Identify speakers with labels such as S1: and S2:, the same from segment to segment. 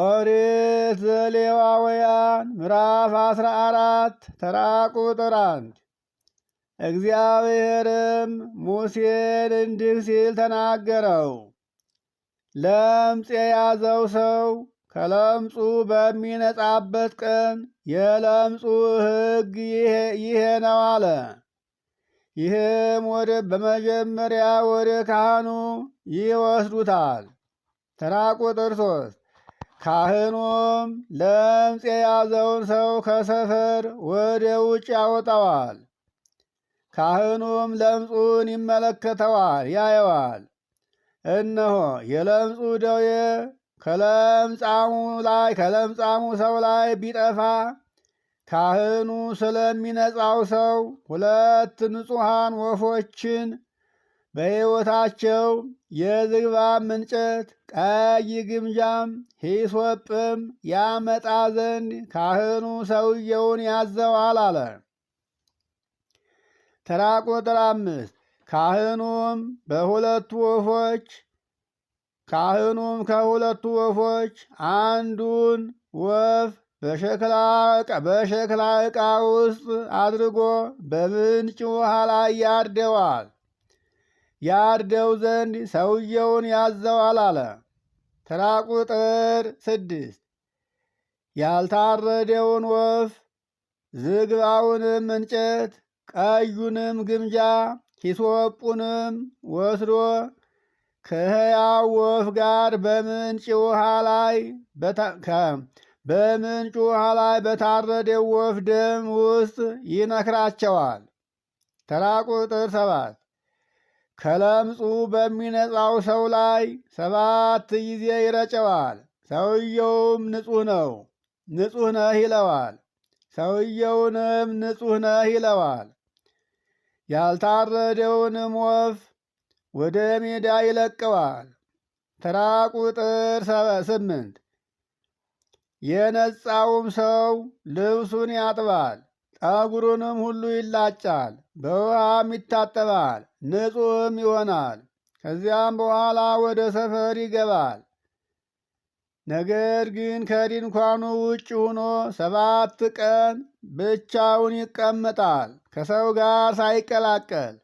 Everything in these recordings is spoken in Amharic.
S1: ኦሪት ዘሌዋውያን ምዕራፍ አስራ አራት ተራ ቁጥር አንድ እግዚአብሔርም ሙሴን እንዲህ ሲል ተናገረው። ለምጽ የያዘው ሰው ከለምጹ በሚነጻበት ቀን የለምጹ ሕግ ይሄ ነው አለ። ይህም ወደ በመጀመሪያ ወደ ካህኑ ይወስዱታል። ተራ ቁጥር ሶስት ካህኑም ለምጽ የያዘውን ሰው ከሰፈር ወደ ውጭ ያወጣዋል። ካህኑም ለምጹን ይመለከተዋል፣ ያየዋል። እነሆ የለምጹ ደዌ ከለምጻሙ ላይ ከለምጻሙ ሰው ላይ ቢጠፋ ካህኑ ስለሚነጻው ሰው ሁለት ንጹሐን ወፎችን በሕይወታቸው የዝግባ እንጨት ቀይ ግምጃም ሂሶጵም ያመጣ ዘንድ ካህኑ ሰውየውን ያዘዋል አለ። ተራ ቁጥር አምስት ካህኑም በሁለቱ ወፎች ካህኑም ከሁለቱ ወፎች አንዱን ወፍ በሸክላ ዕቃ ውስጥ አድርጎ በምንጭ ውሃ ላይ ያርደዋል። ያርደው ዘንድ ሰውየውን ያዘዋል አለ። ተራ ቁጥር ስድስት ያልታረደውን ወፍ ዝግባውንም እንጨት ቀዩንም ግምጃ ሂሶጱንም ወስዶ ከሕያው ወፍ ጋር በምንጭ ውሃ ላይ በምንጭ ውሃ ላይ በታረደው ወፍ ደም ውስጥ ይነክራቸዋል። ተራ ቁጥር ሰባት ከለምጹ በሚነጻው ሰው ላይ ሰባት ጊዜ ይረጨዋል። ሰውየውም ንጹህ ነው ንጹህ ነህ ይለዋል። ሰውየውንም ንጹህ ነህ ይለዋል። ያልታረደውንም ወፍ ወደ ሜዳ ይለቀዋል። ተራ ቁጥር ስምንት የነጻውም ሰው ልብሱን ያጥባል ጠጉሩንም ሁሉ ይላጫል፣ በውሃም ይታጠባል፣ ንጹሕም ይሆናል። ከዚያም በኋላ ወደ ሰፈር ይገባል። ነገር ግን ከድንኳኑ ውጭ ሆኖ ሰባት ቀን ብቻውን ይቀመጣል፣ ከሰው ጋር ሳይቀላቀል።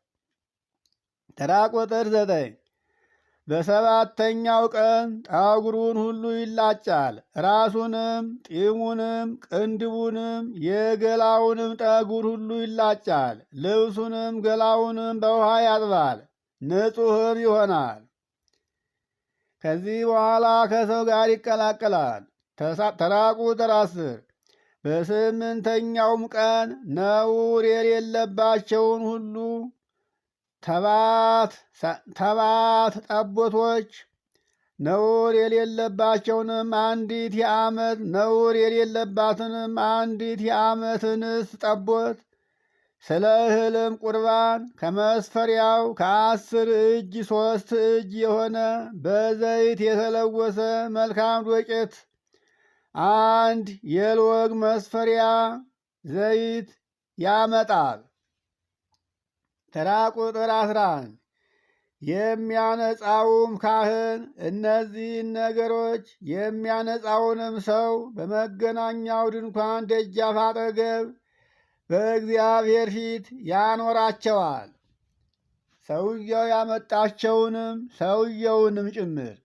S1: ተራ ቁጥር ዘጠኝ በሰባተኛው ቀን ጣጉሩን ሁሉ ይላጫል። ራሱንም ጢሙንም ቅንድቡንም የገላውንም ጠጉር ሁሉ ይላጫል። ልብሱንም ገላውንም በውሃ ያጥባል፣ ንጹሕም ይሆናል። ከዚህ በኋላ ከሰው ጋር ይቀላቀላል። ተራ ቁጥር አስር በስምንተኛውም ቀን ነውር የሌለባቸውን ሁሉ ተባት ጠቦቶች ነውር የሌለባቸውንም አንዲት የዓመት ነውር የሌለባትንም አንዲት የዓመት እንስት ጠቦት ስለ እህልም ቁርባን ከመስፈሪያው ከአስር እጅ ሦስት እጅ የሆነ በዘይት የተለወሰ መልካም ዶቄት አንድ የልወግ መስፈሪያ ዘይት ያመጣል። ተራ ቁጥር አስራ የሚያነጻውም ካህን እነዚህን ነገሮች የሚያነጻውንም ሰው በመገናኛው ድንኳን ደጃፍ አጠገብ በእግዚአብሔር ፊት ያኖራቸዋል። ሰውየው ያመጣቸውንም ሰውየውንም ጭምር።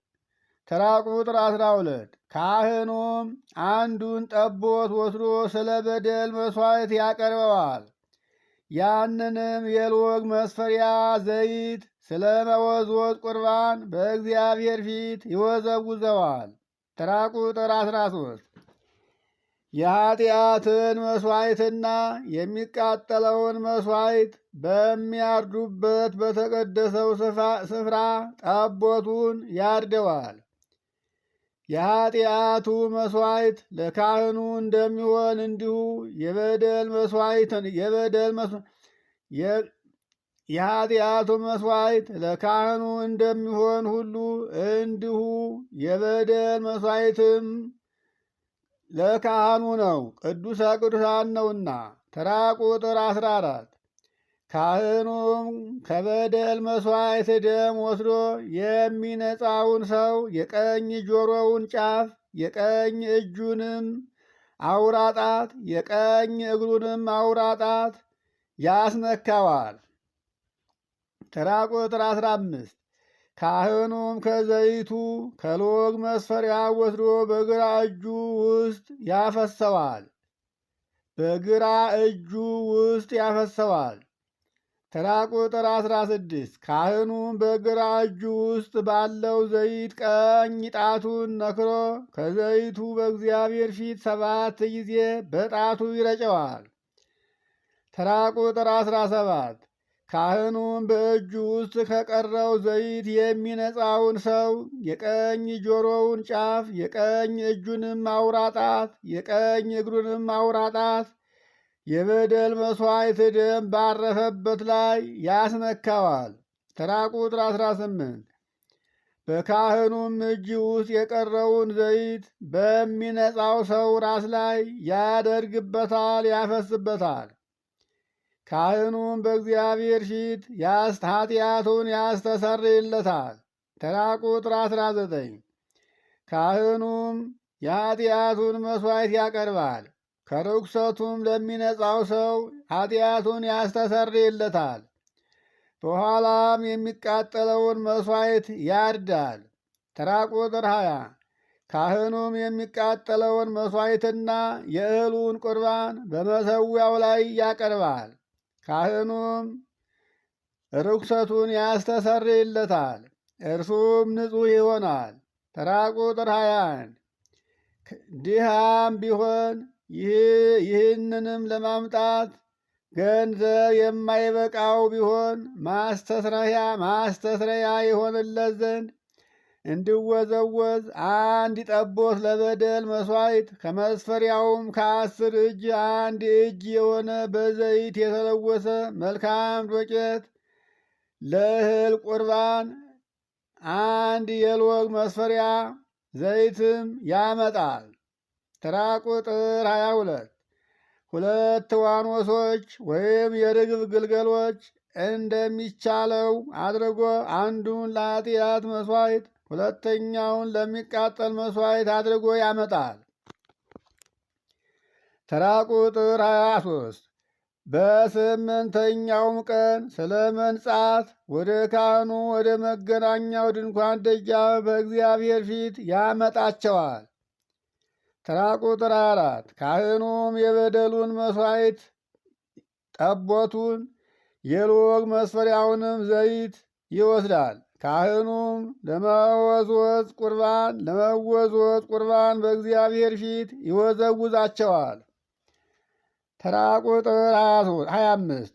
S1: ተራ ቁጥር አስራ ሁለት ካህኑም አንዱን ጠቦት ወስዶ ስለ በደል መሥዋዕት ያቀርበዋል። ያንንም የልወግ መስፈሪያ ዘይት ስለ መወዝወዝ ቁርባን በእግዚአብሔር ፊት ይወዘውዘዋል። ተራ ቁጥር 13 የኃጢአትን መሥዋዕትና የሚቃጠለውን መሥዋዕት በሚያርዱበት በተቀደሰው ስፍራ ጠቦቱን ያርደዋል። የኃጢአቱ መሥዋዕት ለካህኑ እንደሚሆን እንዲሁ የበደል መሥዋዕትን የበደል የኃጢአቱ መሥዋዕት ለካህኑ እንደሚሆን ሁሉ እንዲሁ የበደል መሥዋዕትም ለካህኑ ነው፣ ቅዱሰ ቅዱሳን ነውና። ተራ ቁጥር 14 ካህኑም ከበደል መስዋዕት ደም ወስዶ የሚነፃውን ሰው የቀኝ ጆሮውን ጫፍ የቀኝ እጁንም አውራጣት የቀኝ እግሩንም አውራጣት ያስነካዋል። ተራ ቁጥር አስራ አምስት ካህኑም ከዘይቱ ከሎግ መስፈሪያ ወስዶ በግራ እጁ ውስጥ ያፈሰዋል በግራ እጁ ውስጥ ያፈሰዋል። ተራ ቁጥር 16 ካህኑም በግራ እጁ ውስጥ ባለው ዘይት ቀኝ ጣቱን ነክሮ ከዘይቱ በእግዚአብሔር ፊት ሰባት ጊዜ በጣቱ ይረጨዋል። ተራ ቁጥር 17 ካህኑም በእጁ ውስጥ ከቀረው ዘይት የሚነጻውን ሰው የቀኝ ጆሮውን ጫፍ፣ የቀኝ እጁንም አውራጣት፣ የቀኝ እግሩንም አውራጣት የበደል መሥዋዕት ደም ባረፈበት ላይ ያስነካዋል። ተራ ቁጥር 18 በካህኑም እጅ ውስጥ የቀረውን ዘይት በሚነጻው ሰው ራስ ላይ ያደርግበታል፣ ያፈስበታል። ካህኑም በእግዚአብሔር ፊት ኃጢአቱን ያስተሰርይለታል። ተራ ቁጥር 19 ካህኑም የኃጢአቱን መሥዋዕት ያቀርባል ከርኩሰቱም ለሚነጻው ሰው ኃጢአቱን ያስተሰርይለታል። በኋላም የሚቃጠለውን መሥዋዕት ያርዳል። ተራ ቁጥር 20 ካህኑም የሚቃጠለውን መሥዋዕትና የእህሉን ቁርባን በመሰዊያው ላይ ያቀርባል። ካህኑም ርኩሰቱን ያስተሰርይለታል፣ እርሱም ንጹሕ ይሆናል። ተራ ቁጥር ሃያ ድሃም ቢሆን ይህንንም ለማምጣት ገንዘብ የማይበቃው ቢሆን ማስተስረያ ማስተስረያ የሆንለት ዘንድ እንዲወዘወዝ አንድ ጠቦት ለበደል መስዋይት ከመስፈሪያውም ከአስር እጅ አንድ እጅ የሆነ በዘይት የተለወሰ መልካም ዶቄት ለእህል ቁርባን አንድ የሎግ መስፈሪያ ዘይትም ያመጣል። ተራ ቁጥር 22 ሁለት ዋኖሶች ወይም የርግብ ግልገሎች እንደሚቻለው አድርጎ አንዱን ለኃጢአት መሥዋዕት ሁለተኛውን ለሚቃጠል መሥዋዕት አድርጎ ያመጣል። ተራ ቁጥር 23 በስምንተኛውም ቀን ስለ መንጻት ወደ ካህኑ ወደ መገናኛው ድንኳን ደጃ በእግዚአብሔር ፊት ያመጣቸዋል። ተራ ቁጥር አራት ካህኑም የበደሉን መስዋዕት ጠቦቱን የሎግ መስፈሪያውንም ዘይት ይወስዳል። ካህኑም ለመወዝወዝ ቁርባን ለመወዝወዝ ቁርባን በእግዚአብሔር ፊት ይወዘውዛቸዋል። ተራ ቁጥር 25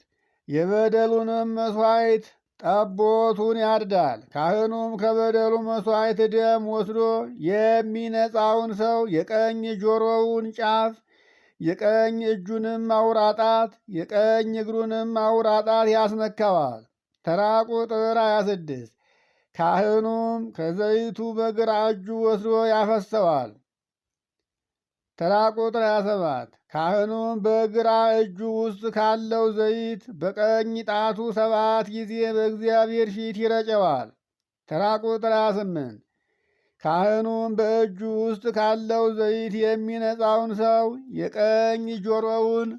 S1: የበደሉንም መስዋዕት ጠቦቱን ያርዳል። ካህኑም ከበደሉ መሥዋዕት ደም ወስዶ የሚነፃውን ሰው የቀኝ ጆሮውን ጫፍ፣ የቀኝ እጁንም አውራጣት፣ የቀኝ እግሩንም አውራጣት ያስነካዋል። ተራ ቁጥር 26 ካህኑም ከዘይቱ በግራ እጁ ወስዶ ያፈሰዋል። ተራ ቁጥር 27 ካህኑም በግራ እጁ ውስጥ ካለው ዘይት በቀኝ ጣቱ ሰባት ጊዜ በእግዚአብሔር ፊት ይረጨዋል። ተራ ቁጥር 28 ካህኑም በእጁ ውስጥ ካለው ዘይት የሚነጻውን ሰው የቀኝ ጆሮውን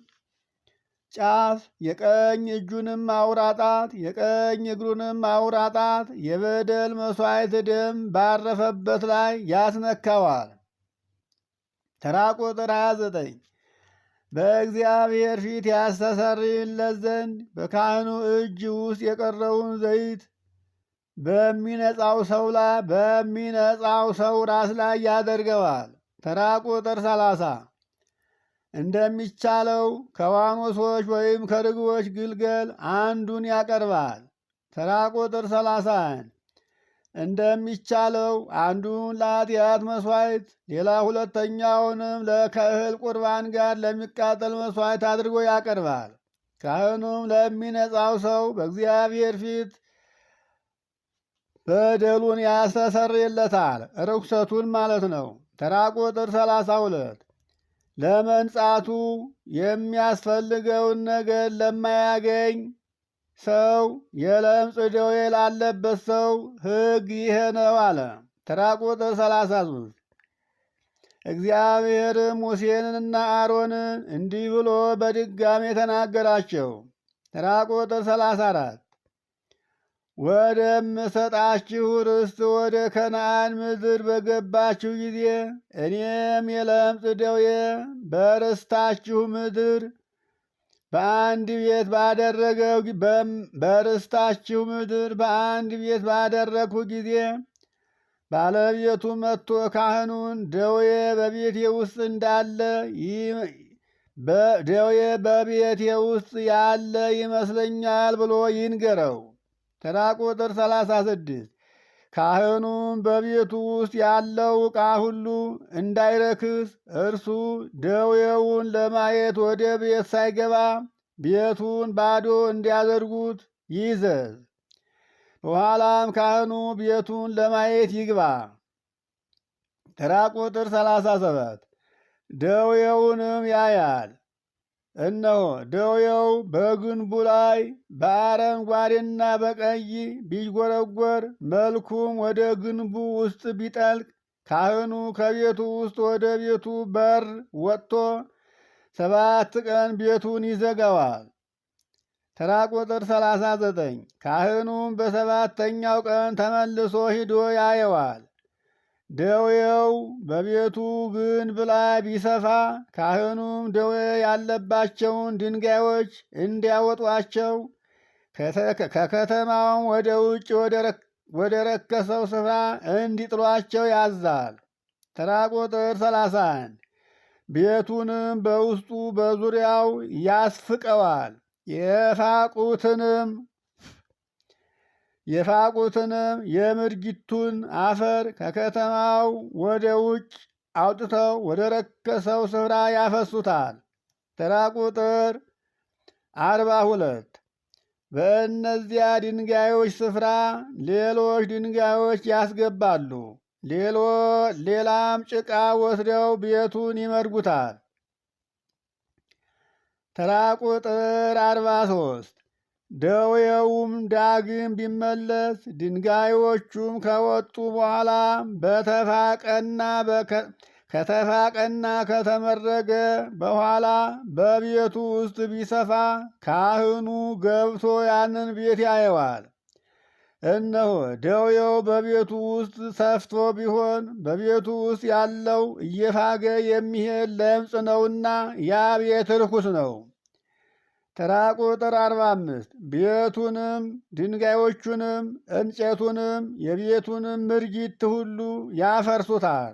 S1: ጫፍ የቀኝ እጁንም አውራጣት የቀኝ እግሩንም አውራጣት የበደል መሥዋዕት ደም ባረፈበት ላይ ያስነካዋል። ተራ ቁጥር 29 በእግዚአብሔር ፊት ያስተሰርይለት ዘንድ በካህኑ እጅ ውስጥ የቀረውን ዘይት በሚነጻው ሰው ላይ በሚነጻው ሰው ራስ ላይ ያደርገዋል። ተራ ቁጥር ሰላሳ እንደሚቻለው ከዋኖሶች ወይም ከርግቦች ግልገል አንዱን ያቀርባል። ተራ ቁጥር ሰላሳን እንደሚቻለው አንዱን ለኃጢአት መሥዋዕት ሌላ ሁለተኛውንም ከእህል ቁርባን ጋር ለሚቃጠል መሥዋዕት አድርጎ ያቀርባል። ካህኑም ለሚነጻው ሰው በእግዚአብሔር ፊት በደሉን ያስተሰርይለታል፣ ርኩሰቱን ማለት ነው። ተራ ቁጥር 32 ለመንጻቱ የሚያስፈልገውን ነገር ለማያገኝ ሰው የለምጽ ደዌ ላለበት ሰው ሕግ ይሄ ነው አለ። ተራ ቁጥር 33 እግዚአብሔርም ሙሴንና አሮንን እንዲህ ብሎ በድጋሜ ተናገራቸው። ተራ ቁጥር 34 ወደምሰጣችሁ ርስት ወደ ከነአን ምድር በገባችሁ ጊዜ እኔም የለምጽ ደዌ በርስታችሁ ምድር በአንድ ቤት ባደረገው በርስታችሁ ምድር በአንድ ቤት ባደረግሁ ጊዜ ባለቤቱ መጥቶ ካህኑን ደዌ በቤቴ ውስጥ እንዳለ ደዌ በቤቴ ውስጥ ያለ ይመስለኛል ብሎ ይንገረው። ተራ ቁጥር 36 ካህኑም በቤቱ ውስጥ ያለው ዕቃ ሁሉ እንዳይረክስ እርሱ ደዌውን ለማየት ወደ ቤት ሳይገባ ቤቱን ባዶ እንዲያደርጉት ይዘዝ። በኋላም ካህኑ ቤቱን ለማየት ይግባ። ተራ ቁጥር 37 ደዌውንም ያያል እነሆ ደዌው በግንቡ ላይ በአረንጓዴና በቀይ ቢጎረጎር መልኩም ወደ ግንቡ ውስጥ ቢጠልቅ ካህኑ ከቤቱ ውስጥ ወደ ቤቱ በር ወጥቶ ሰባት ቀን ቤቱን ይዘጋዋል። ተራ ቁጥር 39 ካህኑም በሰባተኛው ቀን ተመልሶ ሂዶ ያየዋል። ደዌው በቤቱ ግንብ ላይ ቢሰፋ ካህኑም ደዌ ያለባቸውን ድንጋዮች እንዲያወጧቸው ከከተማውም ወደ ውጭ ወደ ረከሰው ስፍራ እንዲጥሏቸው ያዛል። ተራ ቁጥር 31 ቤቱንም በውስጡ በዙሪያው ያስፍቀዋል። የፋቁትንም የፋቁትንም የምድጊቱን አፈር ከከተማው ወደ ውጭ አውጥተው ወደ ረከሰው ስፍራ ያፈሱታል። ተራ ቁጥር አርባ ሁለት በእነዚያ ድንጋዮች ስፍራ ሌሎች ድንጋዮች ያስገባሉ። ሌላም ጭቃ ወስደው ቤቱን ይመርጉታል። ተራ ቁጥር አርባ ሶስት ደዌውም ዳግም ቢመለስ ድንጋዮቹም ከወጡ በኋላ በተፋቀና ከተፋቀና ከተመረገ በኋላ በቤቱ ውስጥ ቢሰፋ ካህኑ ገብቶ ያንን ቤት ያየዋል። እነሆ ደዌው በቤቱ ውስጥ ሰፍቶ ቢሆን በቤቱ ውስጥ ያለው እየፋገ የሚሄድ ለምጽ ነውና ያ ቤት ርኩስ ነው። ተራ ቁጥር 45 ቤቱንም ድንጋዮቹንም እንጨቱንም የቤቱንም ምርጊት ሁሉ ያፈርሱታል።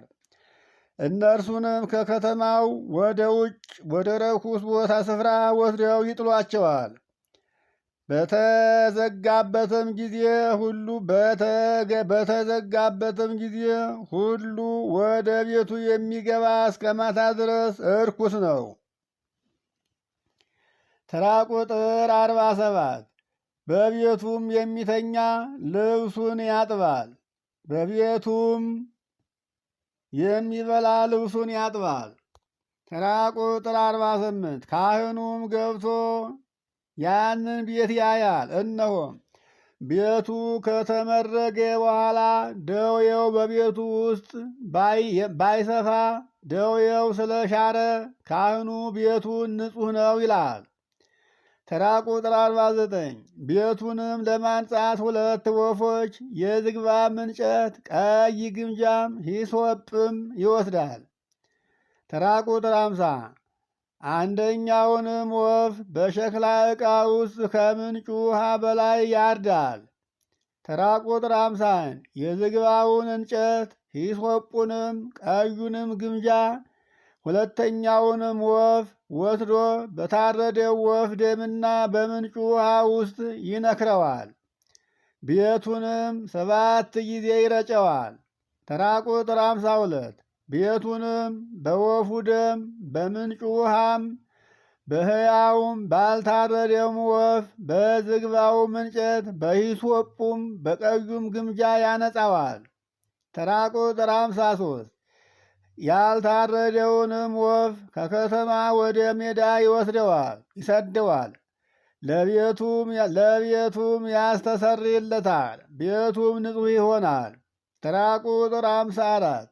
S1: እነርሱንም ከከተማው ወደ ውጭ ወደ ረኩስ ቦታ ስፍራ ወስደው ይጥሏቸዋል። በተዘጋበትም ጊዜ ሁሉ በተዘጋበትም ጊዜ ሁሉ ወደ ቤቱ የሚገባ እስከ ማታ ድረስ እርኩስ ነው። ተራ ቁጥር አርባ ሰባት በቤቱም የሚተኛ ልብሱን ያጥባል፣ በቤቱም የሚበላ ልብሱን ያጥባል። ተራ ቁጥር አርባ ስምንት ካህኑም ገብቶ ያንን ቤት ያያል። እነሆም ቤቱ ከተመረገ በኋላ ደውየው በቤቱ ውስጥ ባይሰፋ ደውየው ስለሻረ ካህኑ ቤቱን ንጹሕ ነው ይላል። ተራ ቁጥር 49 ቤቱንም ለማንጻት ሁለት ወፎች የዝግባ እንጨት ቀይ ግምጃም ሂሶጵም ይወስዳል። ተራ ቁጥር 50 አንደኛውንም ወፍ በሸክላ ዕቃ ውስጥ ከምንጩ ውሃ በላይ ያርዳል። ተራ ቁጥር 51 የዝግባውን እንጨት ሂሶጵንም ቀዩንም ግምጃ ሁለተኛውንም ወፍ ወስዶ በታረደው ወፍ ደምና በምንጩ ውሃ ውስጥ ይነክረዋል። ቤቱንም ሰባት ጊዜ ይረጨዋል። ተራ ቁጥር አምሳ ሁለት ቤቱንም በወፉ ደም በምንጩ ውሃም በሕያውም ባልታረደውም ወፍ በዝግባውም እንጨት በሂሶጱም በቀዩም ግምጃ ያነጻዋል። ተራ ቁጥር አምሳ ሶስት ያልታረደውንም ወፍ ከከተማ ወደ ሜዳ ይወስደዋል ይሰደዋል። ለቤቱም ያስተሰርይለታል፣ ቤቱም ንጹሕ ይሆናል። ተራ ቁጥር አምሳ አራት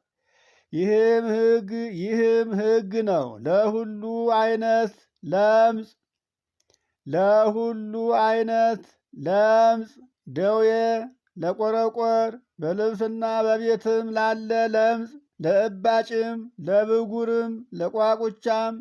S1: ይህም ሕግ ይህም ሕግ ነው ለሁሉ አይነት ለምጽ ለሁሉ አይነት ለምጽ ደዌ ለቆረቆር በልብስና በቤትም ላለ ለምጽ ለእባጭም ለብጉርም ለቋቁቻም